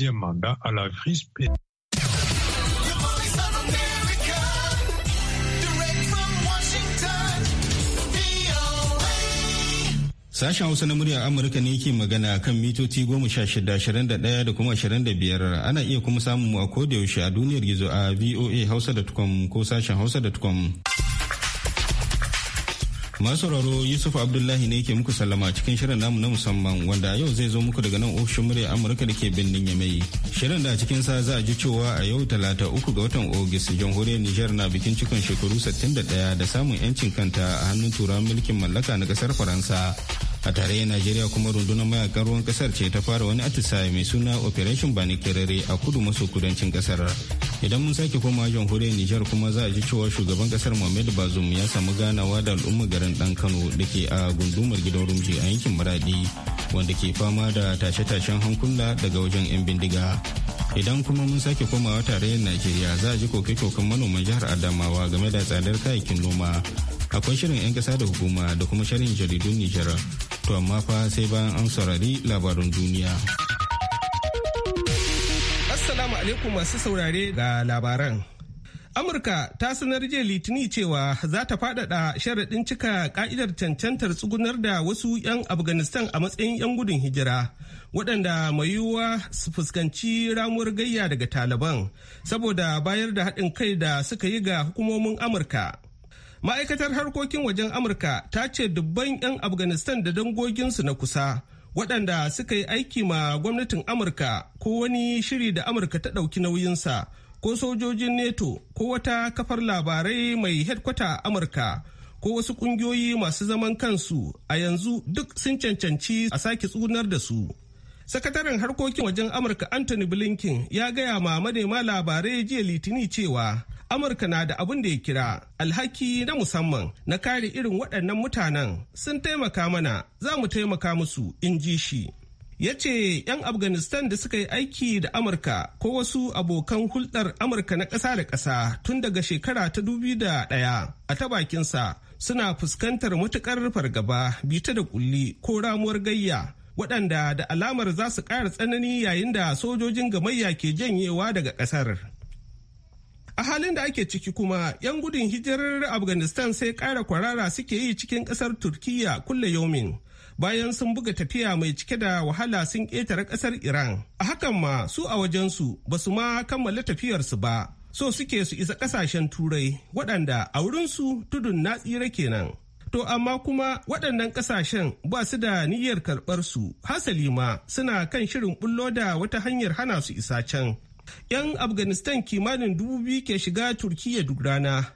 deuxième mandat à la crise. Sashen Hausa na muryar Amurka ne ke magana kan mitoci goma sha shida ashirin da ɗaya da kuma ashirin da biyar ana iya kuma samun mu a yaushe a duniyar gizo a voa hausa.com ko sashen hausa.com. Masu Yusuf Abdullahi ne ke muku sallama cikin shirin namu na musamman wanda yau zai zo muku daga nan ofishin murya Amurka da ke birnin Yamai. Shirin da cikin sa za a ji cewa a yau talata uku ga watan Ogis jamhuriyar Nijar na bikin cikon shekaru 61 da samun 'yancin kanta a hannun turawan mulkin mallaka na kasar Faransa. a tarayyar najeriya kuma rundunar mayakan ruwan kasar ce ta fara wani atisaye mai suna operation bani kerere a kudu maso kudancin kasar idan mun sake koma jamhuriyar nijar kuma za a ji cewa shugaban kasar mohamed bazoum ya samu ganawa da al'ummar garin dan kano da ke a gundumar gidan rumji a yankin maradi wanda ke fama da tashe-tashen hankula daga wajen 'yan bindiga idan kuma mun sake komawa tarayyar najeriya za a ji koke-koken manoman jihar adamawa game da tsadar kayayyakin noma akwai shirin 'yan kasa da hukuma da kuma shirin jaridun nijar to amma fa sai bayan an saurari labarun duniya assalamu alaikum masu saurare ga labaran amurka ta sanar jiya litini cewa za ta faɗaɗa sharaɗin cika ƙa'idar cancantar tsugunar da wasu 'yan afghanistan a matsayin 'yan gudun hijira waɗanda mai yiwuwa su fuskanci ramuwar gayya daga taliban saboda bayar da haɗin kai da suka yi ga hukumomin amurka ma'aikatar harkokin wajen amurka ta ce dubban 'yan afghanistan da dangoginsu na kusa waɗanda suka yi aiki ma gwamnatin amurka ko wani shiri da amurka ta ɗauki nauyinsa ko sojojin neto ko wata kafar labarai mai hedkwata amurka ko wasu ƙungiyoyi masu zaman kansu a yanzu duk sun cancanci a sake tsunar da su. Sakataren harkokin wajen Amurka Anthony Blinken ya gaya ma manema labarai jiya Litini cewa Amurka na da abin da ya kira alhaki na musamman na kare irin waɗannan mutanen sun taimaka mana za mu taimaka musu in ji shi. Ya ce 'yan Afghanistan da suka yi aiki da Amurka ko wasu abokan hulɗar Amurka na ƙasa da ƙasa tun daga shekara ta dubi da ɗaya a ta bakinsa suna fuskantar matuƙar fargaba bita da ƙulli ko ramuwar gayya waɗanda da alamar za su ƙara tsanani yayin da sojojin gamayya ke janyewa daga ƙasar. a halin da ake ciki kuma 'yan gudun hijirar afghanistan sai ƙara kwarara suke yi cikin ƙasar turkiya kulle yomin bayan sun buga tafiya mai cike da wahala sun ƙetare ƙasar iran a hakan ma su a wajensu ba su ma kammala tafiyarsu ba so suke su isa ƙasashen turai waɗanda a wurinsu tudun na tsira kenan to amma kuma waɗannan ƙasashen ba su da niyyar karɓar su hasali ma suna kan shirin bullo da wata hanyar hana su isa can 'Yan Afghanistan kimanin dubu biyu ke shiga Turkiyya duk rana,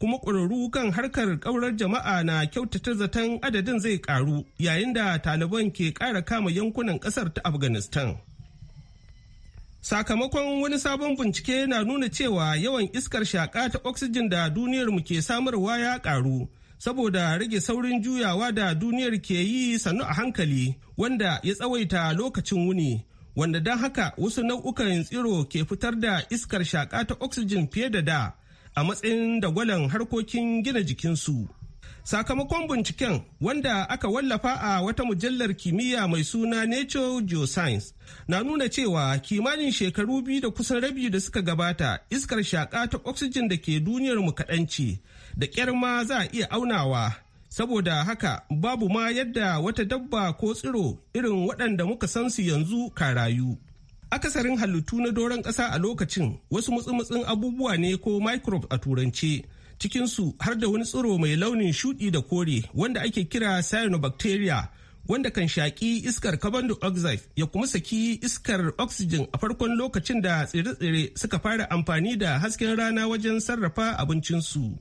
kuma ƙwararru kan harkar ƙaurar jama'a na kyautata zaton adadin zai ƙaru yayin da Taliban ke ƙara kama yankunan ƙasar ta Afghanistan. Sakamakon wani sabon bincike na nuna cewa yawan iskar shaƙa ta oxygen da duniyar mu ke samarwa ya ƙaru saboda rage saurin juyawa da duniyar ke yi sannu a hankali wanda ya tsawaita lokacin wuni wanda don haka wasu nau'ukan tsiro ke fitar da iskar shaƙa ta oxygen fiye da da a matsayin dagwalon harkokin gina jikinsu. Sakamakon binciken wanda aka wallafa a wata mujallar kimiyya mai suna Nature Geoscience na nuna cewa kimanin shekaru biyu da kusan rabi da suka gabata iskar shaƙa ta oxygen da ke duniyar mu kaɗan da ƙyar ma za a iya aunawa. saboda haka babu ma yadda wata dabba ko tsiro irin waɗanda muka san su yanzu ka rayu akasarin halittu na doron ƙasa a lokacin wasu mutsumutsun abubuwa ne ko microbe a turance cikinsu har da wani tsiro mai launin shuɗi da kore wanda ake kira cyanobacteria wanda kan shaƙi iskar carbon dioxide ya kuma saki iskar oxygen a farkon lokacin da tsire-tsire suka fara amfani da hasken rana wajen sarrafa abincinsu.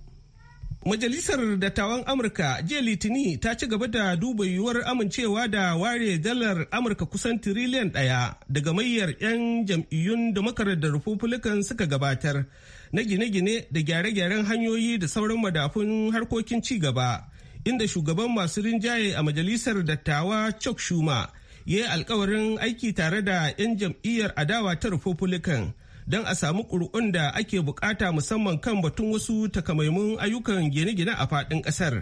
Majalisar Dattawan Amurka jiya Litini ta ci gaba da duba yiwuwar amincewa da ware dalar Amurka kusan tiriliyan ɗaya daga mayyar 'yan jam'iyyun da makarar da Republican suka gabatar na gine-gine da gyare-gyaren hanyoyi da sauran madafun harkokin ci gaba inda shugaban masu rinjaye a Majalisar Dattawa Chuck Schumer ya yi alkawarin aiki tare da 'yan jam'iyyar adawa ta Republican don a samu ƙuri'un da ake bukata musamman kan batun wasu takamaimun ayyukan gine-gine a faɗin ƙasar.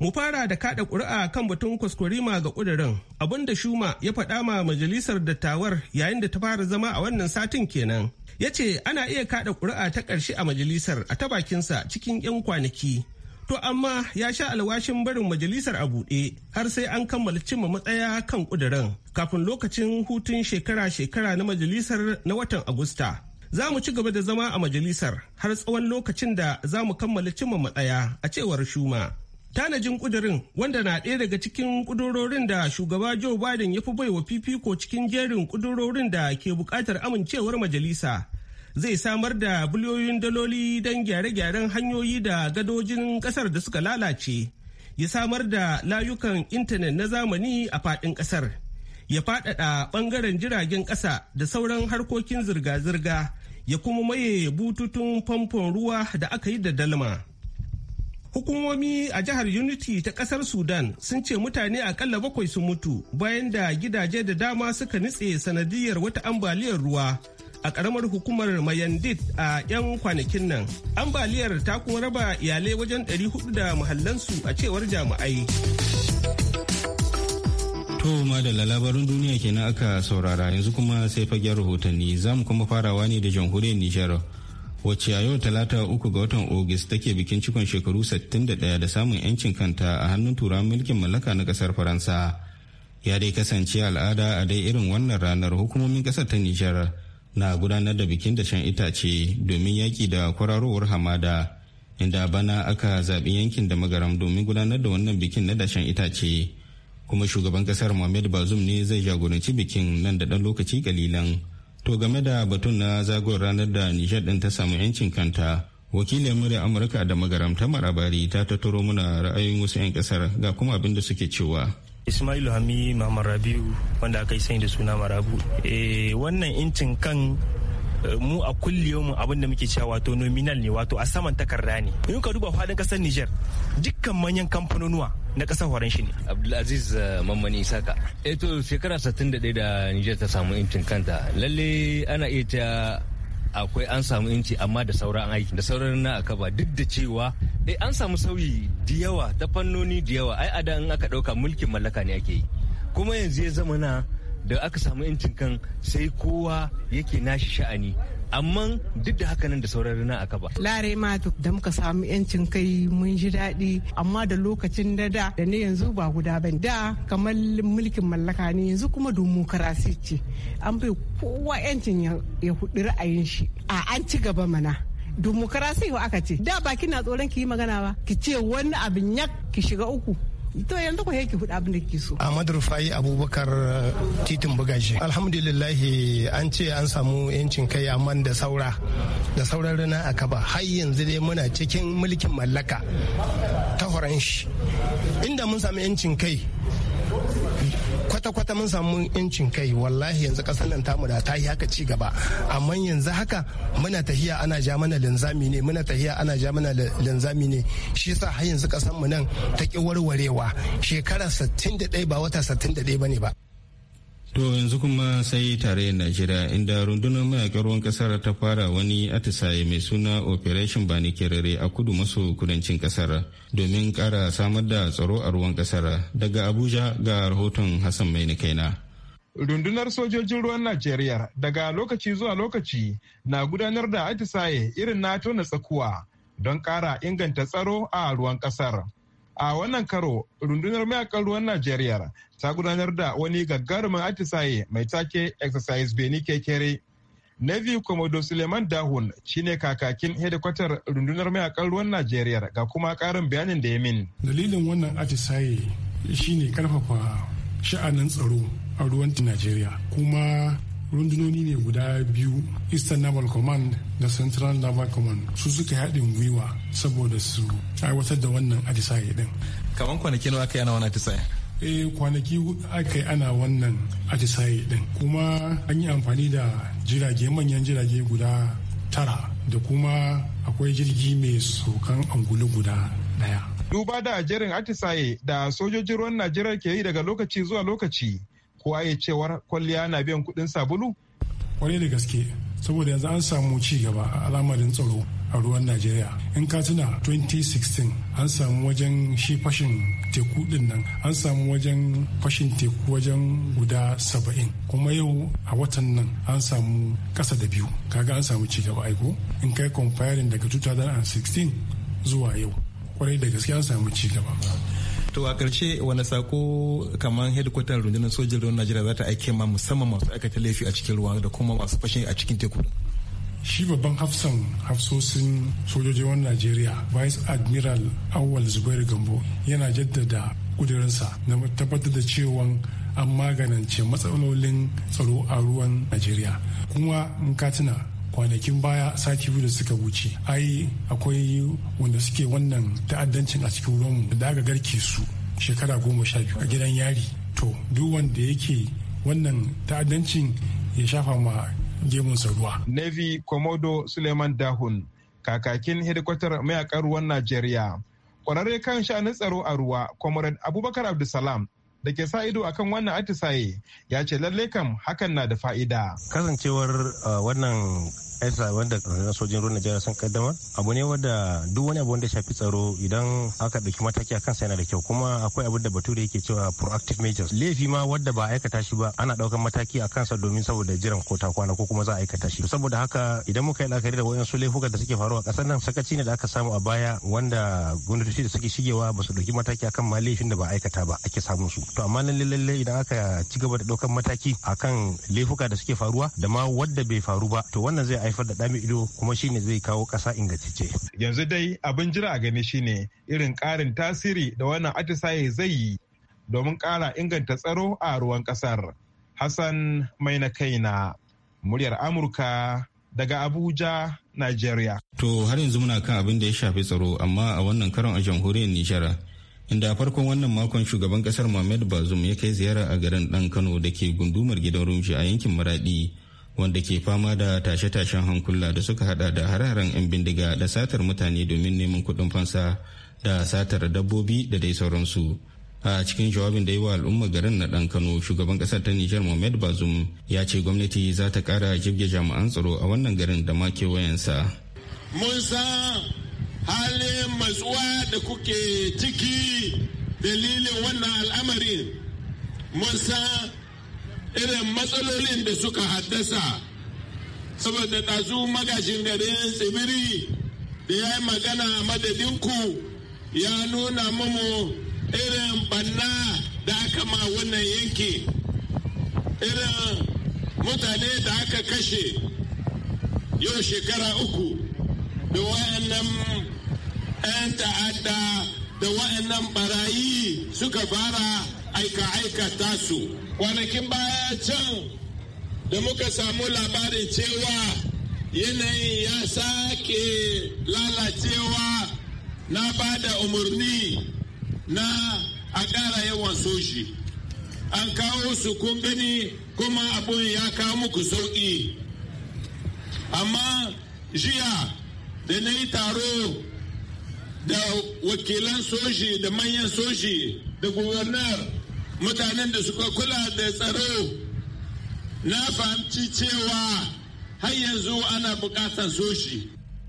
Mu fara da kaɗa ƙuri'a kan batun kwaskwarima ga ƙudurin abin da Shuma ya faɗa ma majalisar dattawar yayin da ta fara zama a wannan satin kenan. Ya ce ana iya kaɗa ƙuri'a ta ƙarshe a majalisar a ta bakinsa cikin 'yan kwanaki To amma ya sha alwashin barin majalisar a buɗe har sai an kammala cimma matsaya kan ƙuduran kafin lokacin hutun shekara-shekara na majalisar na watan Agusta. Za mu ci gaba da zama a majalisar har tsawon lokacin da za mu kammala cimma matsaya a cewar Shuma. Tanajin kudurin wanda na ɗaya daga cikin kudurorin da shugaba Joe Biden ya fi baiwa fifiko cikin jerin kudurorin da ke buƙatar amincewar majalisa. Zai samar da biliyoyin daloli don gyare-gyaren hanyoyi da gadojin ƙasar da suka lalace. Ya samar da layukan intanet na zamani a faɗin ƙasar. ya faɗaɗa ɓangaren jiragen ƙasa da sauran harkokin zirga-zirga ya kuma maye bututun famfon ruwa da aka yi da dalma. Hukumomi a jihar Unity ta kasar Sudan sun ce mutane akalla bakwai sun mutu bayan da gidaje da dama suka nitse sanadiyar wata ambaliyar ruwa a karamar hukumar Mayandit a 'yan kwanakin nan. Ambaliyar ta kuma raba iyalai wajen 400 da muhallansu a cewar jami'ai. To da labarin duniya kenan aka saurara yanzu kuma sai fagen rahotanni za mu kuma farawa ne da jamhuriyar Nijar wacce a yau talata uku ga watan Ogis take bikin cikon shekaru 61 da samun 'yancin kanta a hannun turawan mulkin mallaka na kasar Faransa. Ya dai kasance al'ada a dai irin wannan ranar hukumomin kasar ta Nijar na gudanar da bikin da shan itace domin yaki da kwararowar hamada inda bana aka zaɓi yankin da magaram domin gudanar da wannan bikin na dashen itace. kuma shugaban kasar mohamed bazoum ne zai jagoranci bikin nan da ɗan lokaci kalilan to game da batun na zagon ranar da Nijar ɗin ta samu 'yancin kanta wakilin murya amurka da magaramta marabari ta tattaro muna ra'ayin wasu 'yan kasar ga kuma abin da suke cewa ismailu hami mamman rabiu wanda aka yi sani da suna marabu e, wannan incin kan Eh, mu a kulliyomin abin da muke cewa wato nominal ne wato a saman takarda ne in ka duba faɗin ƙasar Niger dukkan manyan kamfanonuwa na ƙasar horon shi ne. Abdulaziz eh, Mammani Isaka. Eh to shekara 61 da Niger ta samu incin kanta lalle ana iya ta akwai an samu inci amma da sauran aiki da sauran na aka ba duk da cewa eh an samu sauyi da yawa ta fannoni da yawa ai da in aka ɗauka mulkin mallaka ne ake yi kuma yanzu ya zama na da aka samu incin kan sai kowa yake nashi sha'ani amma duk da haka nan da sauran rana aka ba. Lare ma da muka samu yancin kai mun ji daɗi amma da lokacin da da da ne yanzu ba guda bane da kamar mulkin mallaka ne yanzu kuma demokarasi ce an bai kowa yancin ya hudu ra'ayin shi a an ci gaba mana. Demokarasi aka ce da baki na tsoron ki yi magana ba ki ce wani abin yak ki shiga uku to yanzu ku yake hudu abin da ke so Ahmad Rufai Abubakar uh, titin bugaji alhamdulillah an ce an samu yancin kai amma da saura da sauran rana a kaba har yanzu dai muna cikin mulkin mallaka ta horon inda mun samu yancin kai kwata-kwata mun samu yancin kai wallahi yanzu kasar nan tamu da ta yi haka ci gaba amma yanzu haka muna tahiya ana ja mana linzami ne muna tahiya ana ja mana linzami ne shi yasa har yanzu kasar mu nan ta ki warwarewa shekara 61 ba wata 61 bane ba To yanzu kuma sai tarayyar Najeriya inda rundunar mayakan ruwan kasar ta fara wani atisaye mai suna Operation Bani Kerere a kudu maso kudancin kasar domin kara samar da tsaro a ruwan kasar daga Abuja ga rahoton Hassan mai kaina. Rundunar sojojin ruwan Najeriya daga lokaci zuwa lokaci na gudanar da atisaye irin na tona tsakuwa don kara inganta tsaro a ruwan kasar. a wannan karo rundunar mayakan ruwan najeriya ta gudanar da wani gagarumin atisaye mai take exercise beni kekere navy komodo suleiman dahun shine kakakin hedikwatar rundunar mayakan ruwan najeriya ga kuma karin bayanin da ya min dalilin wannan atisaye shine karfafa sha'anin tsaro a ruwan najeriya kuma rundunoni ne guda biyu eastern naval command da central naval command su suka haɗin gwiwa saboda su aiwatar da wannan atisaye din kamar kwanaki nawa aka yi ana wani atisaye eh kwanaki aka yi ana wannan atisaye din kuma an yi amfani da jirage manyan jirage guda tara da kuma akwai jirgi mai sokan angulu guda daya duba da jerin atisaye da sojojin ruwan najeriya ke yi daga lokaci zuwa lokaci kowa ya cewar kwalliya na biyan kuɗin sabulu? Kwarai da gaske, saboda yanzu an samu ci gaba a al'amarin tsaro a ruwan Najeriya. In ka tuna 2016 an samu wajen shi fashin teku din nan an samu wajen fashin teku wajen guda saba'in kuma yau a watan nan an samu kasa da biyu kaga an samu ci gaba aiko in kai comparing daga 2016 zuwa yau kwarai da gaske an samu ci gaba. to a ƙarshe wani sako kamar hedikwatar rundunar sojin ruwan najeriya za ta aike ma musamman masu aikata laifi a cikin ruwa da kuma masu fashe a cikin teku shi babban hafsan hafsosin sojoji wani najeriya vice admiral awal zubairu gambo yana jaddada kudurinsa na tabbatar da cewa an maganance matsalolin tsaro a ruwan najeriya kuma in ka kwanakin baya sati biyu da suka wuce ai akwai wanda suke wannan ta'addancin a cikin ruwanmu da aka garke su shekara goma sha biyu a gidan yari to duk wanda yake wannan ta'addancin ya shafa ma gemunsa ruwa. Navy Komodo Suleiman Dahun kakakin hedikwatar mayakan ruwan Najeriya. Kwararre kan sha'anin tsaro a ruwa, Comrade Abubakar Abdulsalam da ke sa ido akan wannan atisaye ya ce lallai kam hakan na da fa'ida. Kasancewar uh, wannan extra wanda sojin ruwan Najeriya sun kaddamar abu ne wanda duk wani abu wanda shafi tsaro idan aka ɗauki mataki akan sa yana da kyau kuma akwai abu da bature yake cewa proactive measures laifi ma wanda ba aikata shi ba ana ɗaukan mataki a kansa domin saboda jiran ko takwana ko kuma za a aikata shi saboda haka idan muka yi la'akari da wayansu laifuka da suke faruwa a ƙasar nan sakaci ne da aka samu a baya wanda gwamnatoci da suke shigewa ba su ɗauki mataki akan ma laifin da ba aikata ba ake samun su to amma lalle lalle idan aka ci gaba da ɗaukan mataki akan laifuka da suke faruwa da ma wadda bai faru ba to wannan zai haifar da ɗami ido kuma shine zai kawo ƙasa ingantacce. Yanzu dai abin jira a gani shine irin ƙarin tasiri da wannan atisaye zai yi domin ƙara inganta tsaro a ruwan ƙasar. Hassan mai na kaina muryar Amurka daga Abuja, Nigeria. To har yanzu muna kan abin da ya shafi tsaro amma a wannan karon a jamhuriyar Nijar. Inda farkon wannan makon shugaban kasar Muhammad Bazoum ya kai ziyara a garin ɗan Kano da ke gundumar gidan Rumshi a yankin maraɗi. wanda ke fama da tashe-tashen hankula da suka hada da hararen 'yan bindiga da satar mutane domin neman kuɗin fansa da satar dabbobi da dai sauransu. a cikin jawabin da yi wa al'umma garin na dan kano shugaban kasar ta nijar mohamed bazum ya ce gwamnati za ta kara jibge jami'an tsaro a wannan garin da ma kewayensa mun halin matsuwa da kuke ciki dalilin wannan al'amarin mun san irin matsalolin da suka haddasa saboda ɗazu magashin garin tsibiri da ya yi magana a madadinku ya nuna mamu irin banna da aka ma wannan yanki irin mutane da aka kashe yau shekara uku da wayannan 'yan ta'adda da wayannan barayi suka fara aika aikata su kwanakin baya can da muka samu labarin cewa yanayin ya sake lalacewa na ba da umarni na a ƙara yawan soshi an kawo su kun gani kuma abun ya kawo muku sauƙi amma jiya da na yi taro da wakilan soji da manyan soji da gubernar mutanen da suka kula da tsaro na fahimci cewa har yanzu ana bukatar soshi.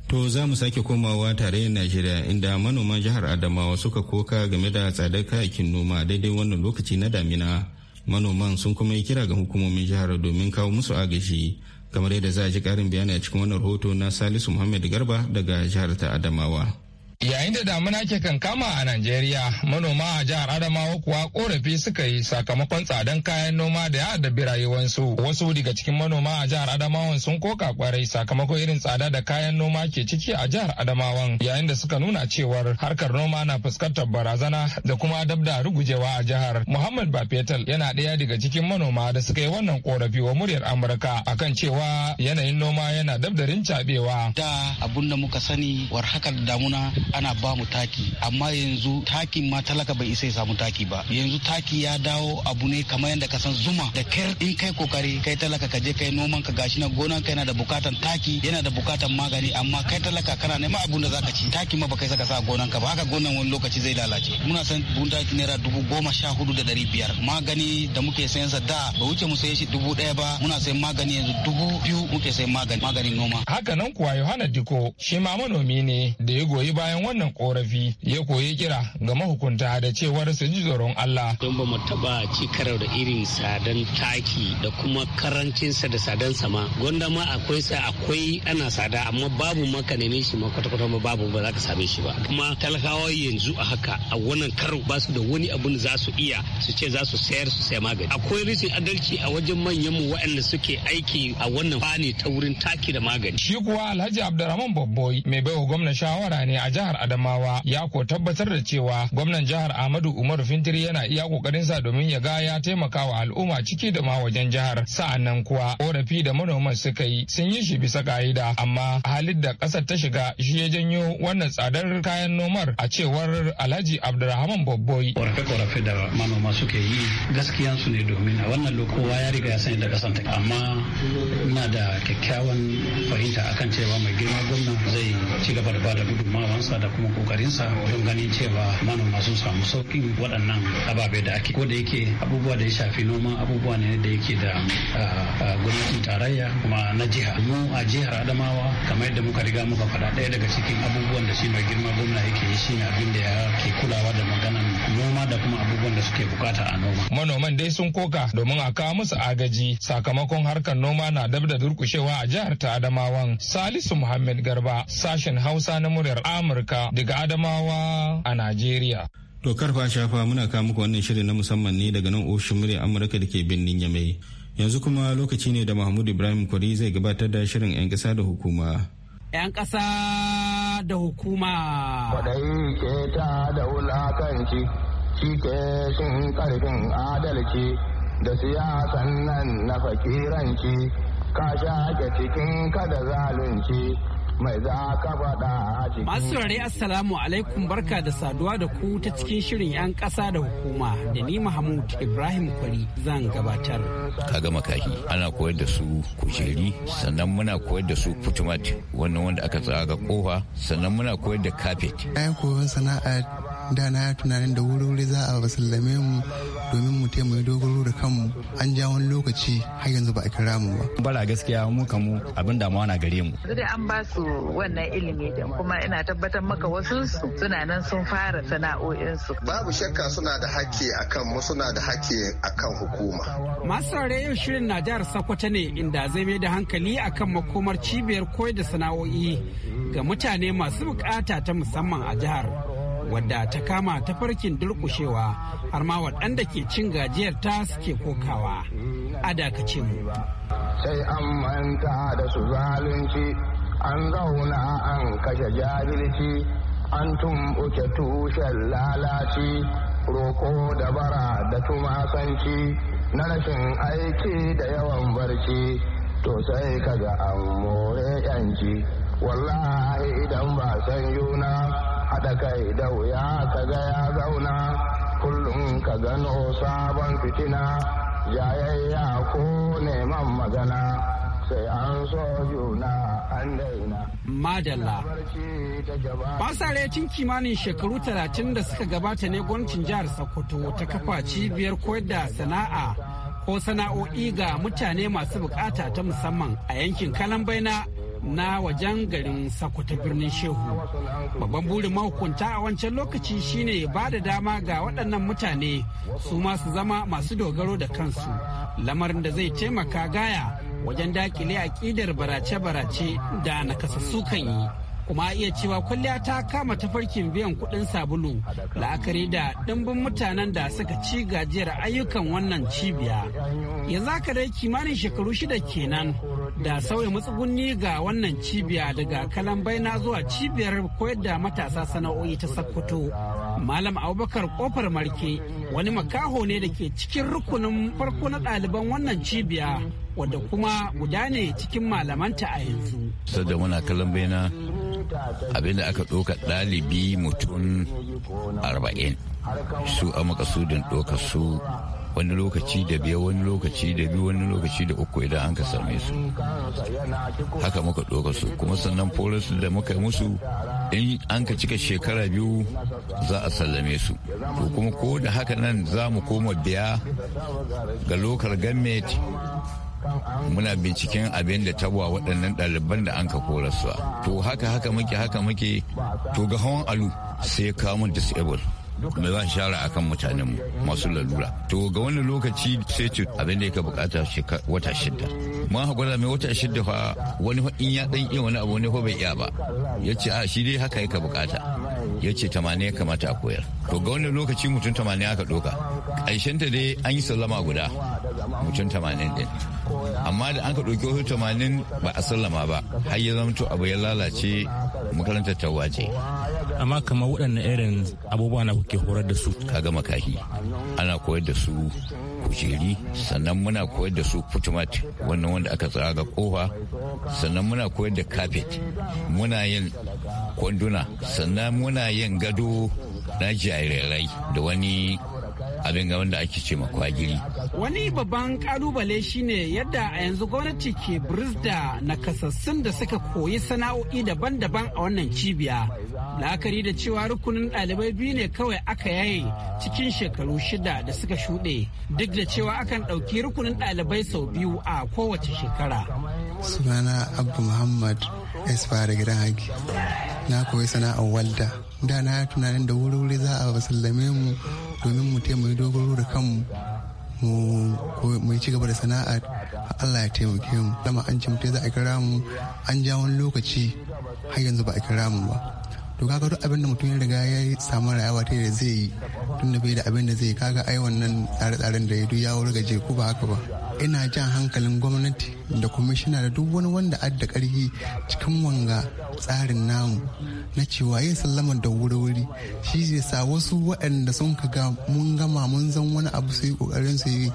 To za mu sake komawa tarayyar Najeriya inda manoman jihar Adamawa suka koka game da tsadar kayayyakin noma daidai wannan lokaci na damina. Manoman sun kuma yi kira ga hukumomin jihar domin kawo musu agaji kamar yadda za a ji karin bayani a cikin wannan rahoto na Salisu Muhammad Garba daga jihar ta Adamawa. Yayin da damuna ke kankama a Najeriya, manoma a jihar Adamawa kuwa korafi suka yi sakamakon tsadan kayan noma da ya addabi rayuwarsu. Wasu daga cikin manoma a jihar Adamawa sun koka kwarai sakamakon irin tsada da kayan noma ke ciki a jihar Adamawa yayin da suka nuna cewar harkar noma na fuskantar barazana da kuma dab da rugujewa a jihar. Muhammad Bafetal yana ɗaya daga cikin manoma da suka yi wannan korafi wa muryar Amurka akan cewa yanayin noma yana dab da Da abun da muka sani war hakan damuna ana ba mu taki amma yanzu takin ma talaka bai isa ya samu taki ba yanzu taki ya dawo abu ne kamar yadda ka san zuma da ker in kai kokari kai talaka ka je kai noman ka gashi na gonan ka yana da bukatan taki yana da bukatan magani amma kai talaka kana neman abu da zaka ci taki ma baka ka sa gonan ka ba haka gonan wani lokaci zai lalace muna san bun taki naira dubu goma sha hudu da dari biyar magani da muke sayan sa da ba wuce mu saye shi dubu daya ba muna sayan magani yanzu dubu biyu muke sayan magani maganin noma Hakanan kuwa yohana diko shi ma manomi ne da ya goyi bayan wannan korafi ya koyi kira ga mahukunta da cewar su ji tsoron Allah. Don ba mu taba ci karau da irin sadan taki da kuma karancinsa da sadan sama. Gwanda ma akwai sa akwai ana sada amma babu maka neme shi ma kwata-kwata ma babu ba za ka same shi ba. Kuma talakawa yanzu a haka a wannan karo ba su da wani abun za su iya su ce za su sayar su sai magani. Akwai rishin adalci a wajen manyan mu waɗanda suke aiki a wannan fani ta wurin taki da magani. Shi kuwa Alhaji Abdurrahman Babboi mai baiwa gwamna shawara ne a jihar jihar Adamawa ya ko tabbatar da cewa gwamnan jihar Ahmadu Umar Fintiri yana iya kokarin sa domin ya ga ya taimaka wa al'umma ciki da ma wajen jihar. Sa'annan kuwa korafi da manoman suka yi sun yi shi bisa ka'ida amma halin da ƙasar ta shiga shi ya janyo wannan tsadar kayan nomar a cewar Alhaji Abdulrahman Bobboy Korafe-korafe da manoma suke yi gaskiyan su ne domin a wannan lokowa ya riga ya sani da ƙasar amma ina da kyakkyawan fahimta akan cewa mai girma gwamnan zai ci gaba da bada gudunmawansa sa da kuma kokarinsa wajen ganin cewa manoma sun samu saukin waɗannan ababe da ake ko da yake abubuwa da ya shafi noma abubuwa ne da yake da gwamnatin tarayya kuma na jiha mu a jihar adamawa kamar yadda muka riga muka faɗa ɗaya daga cikin abubuwan da shi mai girma gwamna yake yi shine abin da ya ke kulawa da maganan noma da kuma abubuwan da suke bukata a noma manoman dai sun koka domin a kawo musu agaji sakamakon harkar noma na dab da durkushewa a jihar ta adamawan salisu muhammad garba sashen hausa na muryar amurka Afirka daga Adamawa a Najeriya. To karfa shafa muna kawo muku wannan shirin na musamman ne daga nan ofishin murya Amurka da ke birnin Yamai. Yanzu kuma lokaci ne da Mahmud Ibrahim Kwari zai gabatar da shirin 'yan ƙasa da hukuma. 'Yan ƙasa da hukuma. Kwaɗayi ke ta da wulakanci, ci ke shin ƙarfin adalci da siyasan nan na fakiranci, ka shaƙe cikin kada zalunci. Masu saurare Assalamu alaikum barka da saduwa da ku ta cikin shirin 'yan ƙasa da hukuma da ni Mahmud Ibrahim Kwari zan gabatar. Kaga makahi ana koyar da su kujeri sannan muna koyar da su putumat wannan wanda aka tsaga kofa sannan muna koyar da kafet. Ayan sana'a da na tunanin da wuri-wuri za a sallame mu domin mu taimaki dogaro da kanmu an ja wani lokaci har yanzu ba a kira mu ba. Bara gaskiya mu kamu abin damuwa na gare mu. Yanzu dai an ba su wannan ilimi din kuma ina tabbatar maka wasu suna nan sun fara sana'o'in su. Babu shakka suna da hakki akan mu suna da hakki akan hukuma. Masu yau shirin na jihar Sokoto ne inda zai mai da hankali akan makomar cibiyar koyar da sana'o'i ga mutane masu bukata ta musamman a jihar. wadda ta kama tafarkin durkushewa har ma waɗanda ke cin gajiyar ta suke kokawa a dakace mu sai an manta da su zalunci an zauna an kashe jahilci an tumɓuke tushen lalaci roko da bara da tumasanci na rashin aiki da yawan barci to sai kaga an more yanci wallahi idan ba san yuna haɗa kai da wuya ka ga ya zauna kullum ka gano sabon fitina jayayya ko neman magana sai an so juna an daina. Madalla. Basare cin kimanin shekaru talatin da suka gabata ne gwamnatin jihar Sokoto ta kafa cibiyar koyar da sana'a ko sana'o'i ga mutane masu bukata ta musamman a yankin kalambaina na wajen garin sakwata birnin Shehu. Babban burin mahukunta a wancan lokaci shine ba da dama ga waɗannan mutane su masu zama masu dogaro da kansu. Lamarin da zai taimaka gaya wajen dakile aƙidar barace-barace da nakasassu kan yi. kuma iya cewa kwalliya ta kama ta farkin biyan kuɗin sabulu la'akari da ɗimbin mutanen da suka ci gajiyar ayyukan wannan cibiya yanzu haka dai kimanin shekaru shida kenan da sauya matsuguni ga wannan cibiya daga kalan baina zuwa cibiyar koyar da matasa sana'o'i ta sakkwato malam abubakar kofar marke wani makaho ne da ke cikin rukunin farko na ɗaliban wannan cibiya wadda kuma guda ne cikin malamanta a yanzu sada muna kalan baina abinda aka ɗauka ɗalibi mutum arba'in su a makasudin ɗauka su wani lokaci da biyar wani lokaci da biyu wani lokaci da uku idan an ka same su haka muka ɗoka su kuma sannan polis da muka musu in an ka cika shekara biyu za a sallame su to kuma ko da haka nan za mu koma biya ga lokar gamet muna binciken abin da tabuwa waɗannan ɗaliban da an ka korarsa to haka haka muke haka muke to ga hawan alu sai kamun disable me zan shara a kan mutanen masu lalura to ga wani lokaci sai ce abin da yake bukata wata shidda ma hakura mai wata shidda fa wani in ya dan iya wani abu ne ko bai iya ba ya ce a shi dai haka yake bukata ya ce tamanin ya kamata a koyar to ga wani lokaci mutum tamanin aka doka ta dai an yi sallama guda mutum tamanin din amma da an ka ɗauki wasu tamanin ba a sallama ba har ya zamto abu ya lalace makarantar tawaje amma kamar waɗanne irin abubuwa na kuke horar da su kaga makahi ana koyar da su kujeri sannan muna koyar da su putumat wannan wanda aka tsara ga kofa sannan muna koyar da kafet muna yin kwanduna sannan muna yin gado na jarirai da wani abin ga wanda ake ce kwagiri. Wani babban kalubale shine yadda a yanzu gwamnati ke bris da nakasassun da suka koyi sana'o'i daban-daban a wannan cibiya la'akari da cewa rukunin ɗalibai biyu ne kawai aka yaye cikin shekaru shida da suka shuɗe duk da cewa akan ɗauki rukunin ɗalibai sau biyu a kowace shekara sunana abu muhammad esfara gidan haki na koyi sana'ar walda da na tunanin da wuri-wuri za a sallame mu domin mu taimaki dogaro da kanmu mu ci gaba da sana'a Allah ya taimake mu zama an ce za a kira mu an ja wani lokaci har yanzu ba a kira mu ba to kaga duk abin da mutum ya riga ya samu rayuwa ta da zai yi tunda bai da abin da zai kaga ai wannan tsare-tsaren da ya duk ya je ku ba haka ba ina jan hankalin gwamnati da kwamishina da duk wani wanda adda karfi cikin wanga tsarin namu na cewa yin sallama da wuri-wuri shi zai sa wasu waɗanda sun kaga mun gama mun zan wani abu su yi ƙoƙarin su yi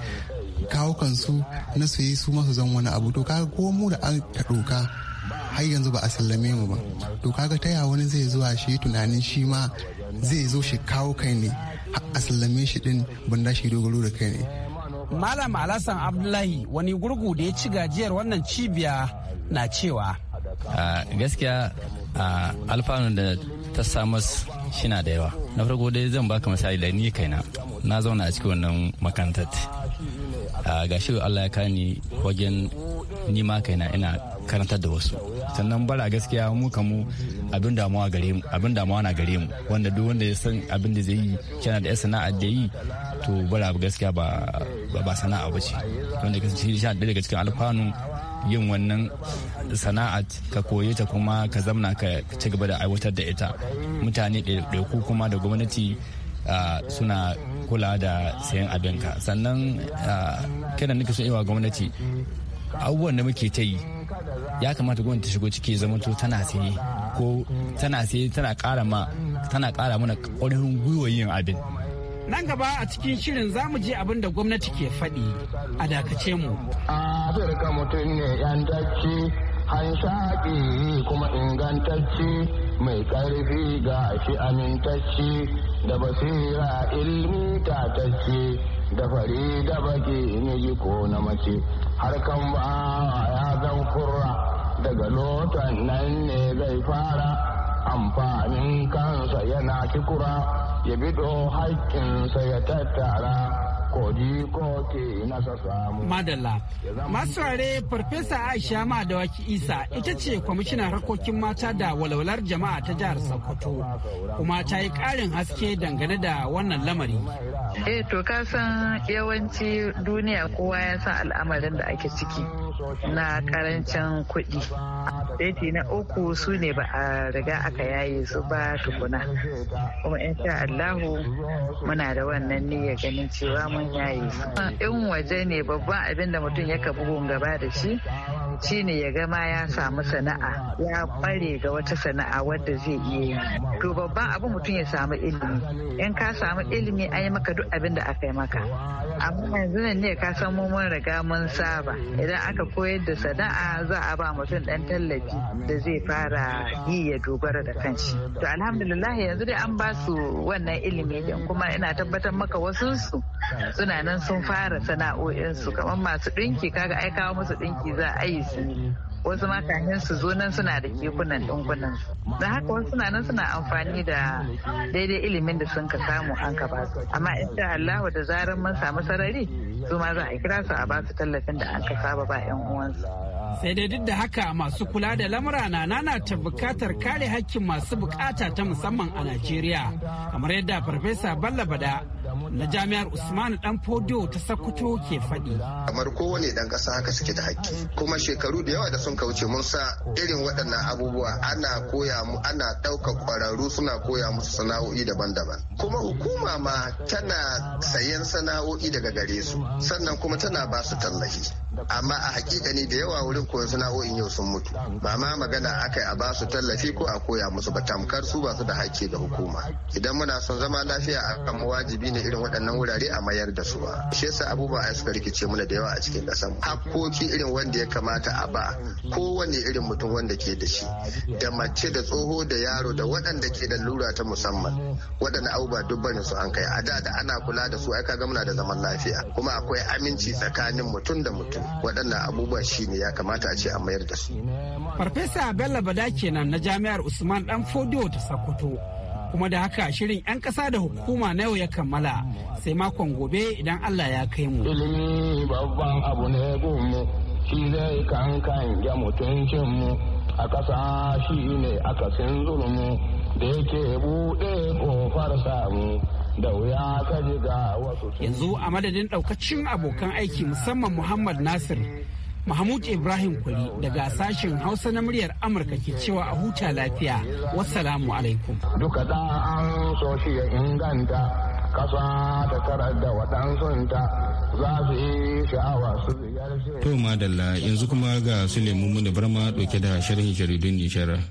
kawo kansu na su yi su masu zan wani abu to kaga ko mu da an ka doka har yanzu ba a sallame mu ba to kaga ta ya wani zai zuwa shi tunanin shi ma zai zo shi kawo kai ne a sallame shi din banda shi dogaro da kai ne malam alasan abdullahi wani gurgu da ya ci gajiyar wannan cibiya na cewa gaskiya alfanun da ta samus shina da yawa na farko dai zan baka misali da ni kaina na zauna a cikin wannan makarantar ga shi Allah ya kani wajen nima kaina ina karantar da wasu sannan bara gaskiya mu kamu abin damuwa gare mu abin damuwa na gare mu wanda duk wanda ya san abin da zai yi yana da sana'ar da yi to bara gaskiya ba ba sana'a ba ce wanda kasance shi daga cikin alfanu yin wannan sana'a ka koye ta kuma ka zamna ka ci gaba da aiwatar da ita mutane ɗaiɗaiku kuma da gwamnati suna kula da sayan abinka sannan kiran nika so iya gwamnati abubuwan da muke ta yi ya kamata gwamnati ta shigo ciki zama to tana saye ko tana saye tana ƙara ma tana kara mana ƙwarin gwiwa yin abin nan gaba a cikin shirin za mu je abin da gwamnati ke faɗi a dakace mu afirka mutum ne yantacci hanshaƙi kuma ingantacce mai ƙarfi ga shi amintacci da basira ilmi tatacce da fari da baki miji ko na mace har kan ba ya zan kurra daga lotan nan ne zai fara amfanin kansa yana kikura ya bido haƙƙinsa ya tattara Madalla. Masu rare Farfesa Aisha Madawaki Isa ita ce kwamishinan harkokin mata da walwalar jama'a ta jihar Sokoto kuma ta yi ƙarin haske dangane da wannan lamari. Eh to ka san yawanci duniya kowa ya san al'amarin da ake ciki na karancin kuɗi. Daiti na uku su ne ba a riga aka yaye su ba tukuna kuma in sha Allahu muna da wannan niyyar ganin cewa mun yaye su in waje ne babban abin da mutum yaka bugu gaba da shi shi ne ya gama ya samu sana'a ya bare ga wata sana'a wadda zai iya yi to babban abu mutum ya samu ilimi in ka samu ilimi an yi maka duk abin da aka yi maka amma yanzu nan ne ka san mun riga mun saba idan aka koyar da sana'a za a ba mutum dan tallafi da zai fara yi ya dogara da kanshi to alhamdulillah yanzu dai an ba su wannan ilimi din kuma ina tabbatar maka wasu su suna nan sun fara sana'o'insu kamar masu ɗinki kaga ai kawo musu ɗinki za a yi su wasu makahin su zo nan suna da kekunan ɗinkunan da haka wasu suna nan suna amfani da daidai ilimin da sun ka samu an ka ba su amma insha Allah da zarar mun samu sarari su ma za a kira su a ba su tallafin da an ka saba ba 'yan uwansu sai dai duk da haka masu kula da lamura na ta bukatar kare hakkin masu bukata ta musamman a najeriya kamar yadda farfesa balla bada na jami'ar Usman Dan Fodio ta Sokoto ke faɗi. Kamar kowane dan ƙasa haka suke da haƙƙi. Kuma shekaru da yawa da sun kauce mun sa irin waɗannan abubuwa ana koya mu ana ɗaukar ƙwararru suna koya musu sana'o'i daban-daban. Kuma hukuma ma tana sayen sana'o'i daga gare su sannan kuma tana ba su tallafi. Amma a hakika ne da yawa wurin koyon sana'o'in yau sun mutu. Ba ma magana akai a ba su tallafi ko a koya musu ba tamkar su ba su da haƙƙi da hukuma. Idan muna son zama lafiya a kan wajibi ne irin irin waɗannan wurare a mayar da su ba shi yasa abubuwa a suka rikice mana da yawa a cikin ƙasar hakkoki irin wanda ya kamata a ba kowane irin mutum wanda ke da shi da mace da tsoho da yaro da waɗanda ke da lura ta musamman waɗanda abubuwa duk barin su an kai a da da ana kula da su ai ga muna da zaman lafiya kuma akwai aminci tsakanin mutum da mutum waɗannan shi shine ya kamata a ce a mayar da su farfesa bello bada kenan na jami'ar usman dan fodio ta sokoto kuma da haka shirin 'yan ƙasa da hukuma na yau ya kammala sai makon gobe idan Allah ya kai mu. Ilimi babban abu ne gumu shi zai kankan ya mutuncinmu a ƙasa shi ne akasin zulumi da yake buɗe ƙofar samu. Yanzu a madadin ɗaukacin abokan aiki musamman Muhammad Nasir Mahmud Ibrahim Kuli daga sashen Hausa na muryar Amurka ke cewa a huta lafiya. Wassalamu alaikum. Duka da an so shi ya inganta kasa ta tarar da waɗansunta za su yi sha'awa su ziyarci. To madalla yanzu kuma ga su lemu da barma ɗauke da sharhin jaridun Nishara.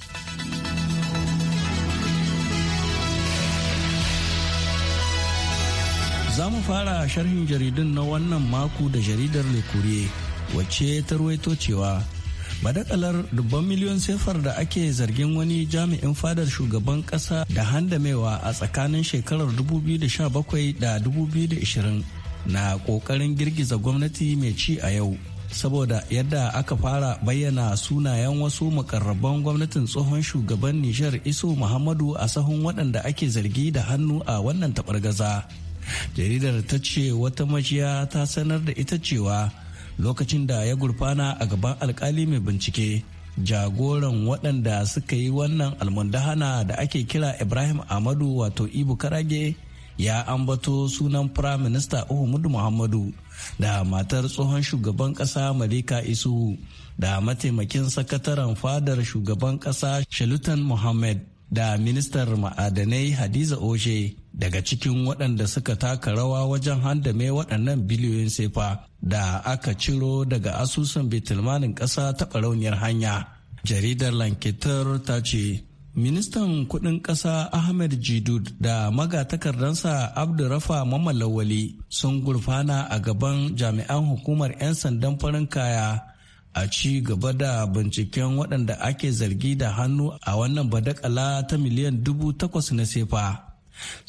Za mu fara sharhin jaridun na wannan mako da jaridar Le wacce ta ruwaito cewa madakalar dubban miliyon sefar da ake zargin wani jami'in fadar shugaban kasa da handamewa a tsakanin shekarar 2017 da 2020 na kokarin girgiza gwamnati mai ci a yau saboda yadda aka fara bayyana sunayen wasu makarraban gwamnatin tsohon shugaban nijar iso muhammadu a sahun waɗanda ake zargi da hannu a wannan taɓargaza jaridar ta ce wata majiya ta sanar da ita cewa lokacin da ya gurfana a gaban alkali mai bincike jagoran waɗanda suka yi wannan almundahana da ake kira ibrahim amadu wato ibu karage ya ambato sunan firaminista uhumudu muhammadu da matar tsohon shugaban ƙasa malika isuhu da mataimakin sakataren fadar shugaban ƙasa shalutan muhammad da ministar ma'adanai hadiza oshe daga cikin waɗanda suka taka rawa wajen handame waɗannan biliyoyin sefa da aka ciro daga asusun bitulmanin ƙasa ta ɓarauniyar hanya jaridar lankitar ta ce ministan Kuɗin ƙasa ahmed jidud da magatakardansa abdurrafa mamalawali sun gurfana a gaban jami'an hukumar 'yan sandan farin kaya a ci gaba da binciken waɗanda ake zargi da hannu a wannan badakala ta miliyan dubu takwas na sefa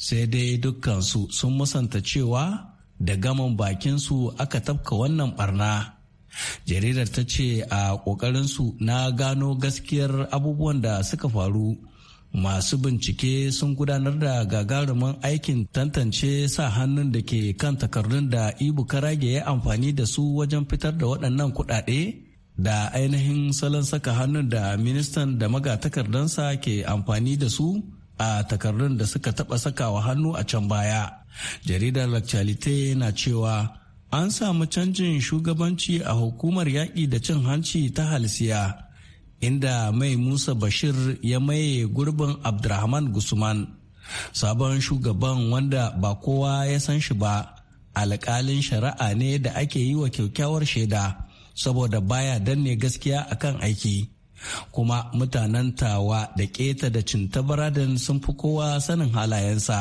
sai dai dukkansu sun musanta cewa da gaman bakinsu aka tafka wannan barna jaridar ta ce a ƙoƙarinsu na gano gaskiyar abubuwan da suka faru masu bincike sun gudanar da gagarumin aikin tantance sa hannun da ke kan takardun da ibu karage ya amfani da su wajen fitar da waɗannan kuɗaɗe da ainihin salon saka hannun da ministan da magatakardansa ke amfani da su a takardun da suka taɓa sakawa hannu a can baya jaridar lactalite na cewa an samu canjin shugabanci a hukumar yaƙi da cin hanci ta halsiya inda mai musa bashir ya maye gurbin abdurrahman gusman sabon shugaban wanda ba kowa ya san shi ba alƙalin shari'a ne da ake yi wa kyakkyawar shaida saboda baya danne gaskiya akan aiki kuma mutanen tawa da keta da Cinta baradin sun fi kowa sanin halayensa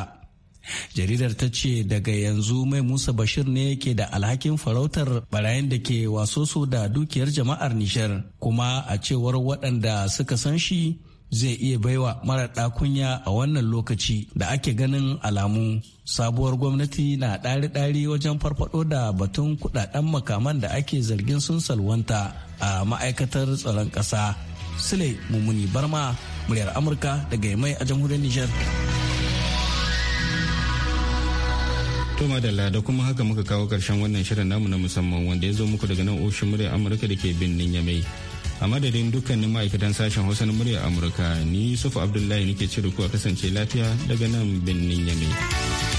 jaridar ta ce daga yanzu mai musa bashir ne ke da alhakin farautar barayin da ke so da dukiyar jama'ar nishar kuma a cewar waɗanda suka san shi zai iya baiwa mara ɗakunya a wannan lokaci da ake ganin alamu sabuwar gwamnati na ɗari-ɗari wajen farfado da batun kudaden makaman da ake zargin sun salwanta a ma'aikatar tsaron ƙasa Sule Mumuni Barma muryar Amurka daga Yamai a jamhuriyar niger. Toma da da kuma haka muka kawo karshen wannan shirin namu na musamman wanda ya zo muku daga nan ofishin muryar Amurka da ke birnin Yamai. A madadin dukkanin ma'aikatan sashen Hausa na muryar Amurka ni Sufa Abdullahi nake cire ku a kasance lafiya daga nan birnin Yamai.